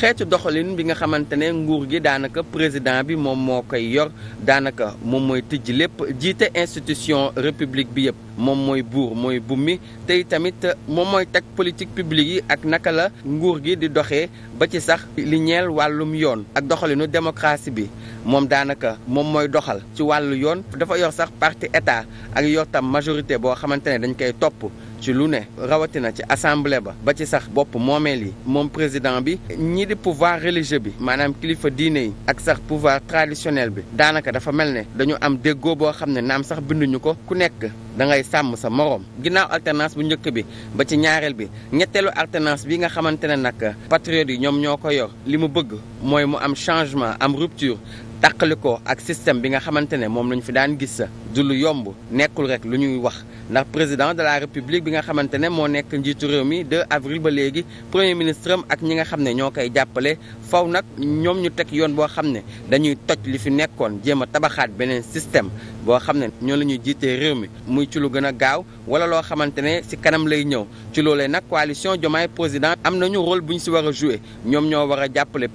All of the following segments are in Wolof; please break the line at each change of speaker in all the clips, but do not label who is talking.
xeeti doxalin bi nga xamante ne nguur gi daanaka président bi moom moo koy yor daanaka moom mooy tijji lépp jiite institution république bi yëpp moom mooy buur mooy bummi tey tamit moom mooy teg politique publique yi ak naka la nguur gi di doxee ba ci sax li ñeel wàllum yoon ak doxalinu démocratie bi moom daanaka moom mooy doxal ci wàllu yoon dafa yor sax parti état ak yor tam majorité boo xamante ne dañ koy topp ci lu ne rawatina ci assemblée ba ba ci sax bopp moomeel yi moom président bi ñii di pouvoir religieux bi maanaam kilifa diine yi ak sax pouvoir traditionnel bi daanaka dafa mel ne dañu am déggoo boo xam ne naam sax binduñu ko ku nekk da ngay sàmm sa moroom ginnaaw alternance bu njëkk bi ba ci ñaareel bi ñetteelu alternance bi nga xamante ne nag patriotes yi ñoom ñoo ko yor li mu bëgg mooy mu am changement am rupture tàqali ko ak système bi nga xamante ne moom lañu fi daan gis du lu yomb nekkul rek lu ñuy wax ndax président de la république bi nga xamante ne moo nekk njiitu réew mi de avril ba léegi premier ministre am ak ñi nga xam ne ñoo koy jàppale faw nag ñoom ñu teg yoon boo xam ne dañuy toj li fi nekkoon jéem a tabaxaat beneen système boo xam ne ñoo la ñuy jiitee réew mi muy ci lu gën a gaaw wala loo xamante ne ci kanam lay ñëw ci loolee nag coalition Diomaye président am nañu rôle bu ñu ci war a jouer ñoom ñoo a jàppale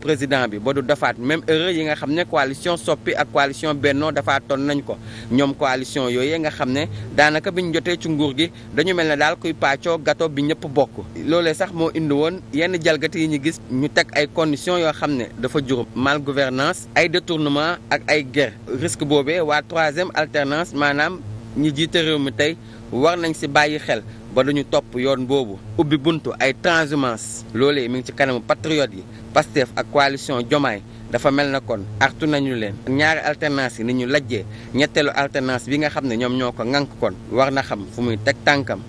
coalition Soppi ak bennoo Benno defaatoon nañ ko ñoom coalition yooyu nga xam ne daanaka ñu jotee ci nguur gi dañu mel ne daal kuy pàccoo gato bi ñëpp bokk. loolee sax moo indi woon yenn jalgati yi ñu gis ñu teg ay conditions yoo xam ne dafa jur mal gouvernance ay détournement ak ay guerre risque boobee waa troisième alternance maanaam ñi jiite réew mi tey war nañ si bàyyi xel. ba duñu topp yoon boobu ubbi bunt ay transhumance loolee mi ngi ci kanamu patriote yi Pastef ak coalition Jomaay dafa mel na kon artu nañu leen ñaari alternance yi ni ñu lajjee ñetteelu alternance bi nga xam ne ñoom ñoo ko ŋànk kon war na xam fu muy teg tànkam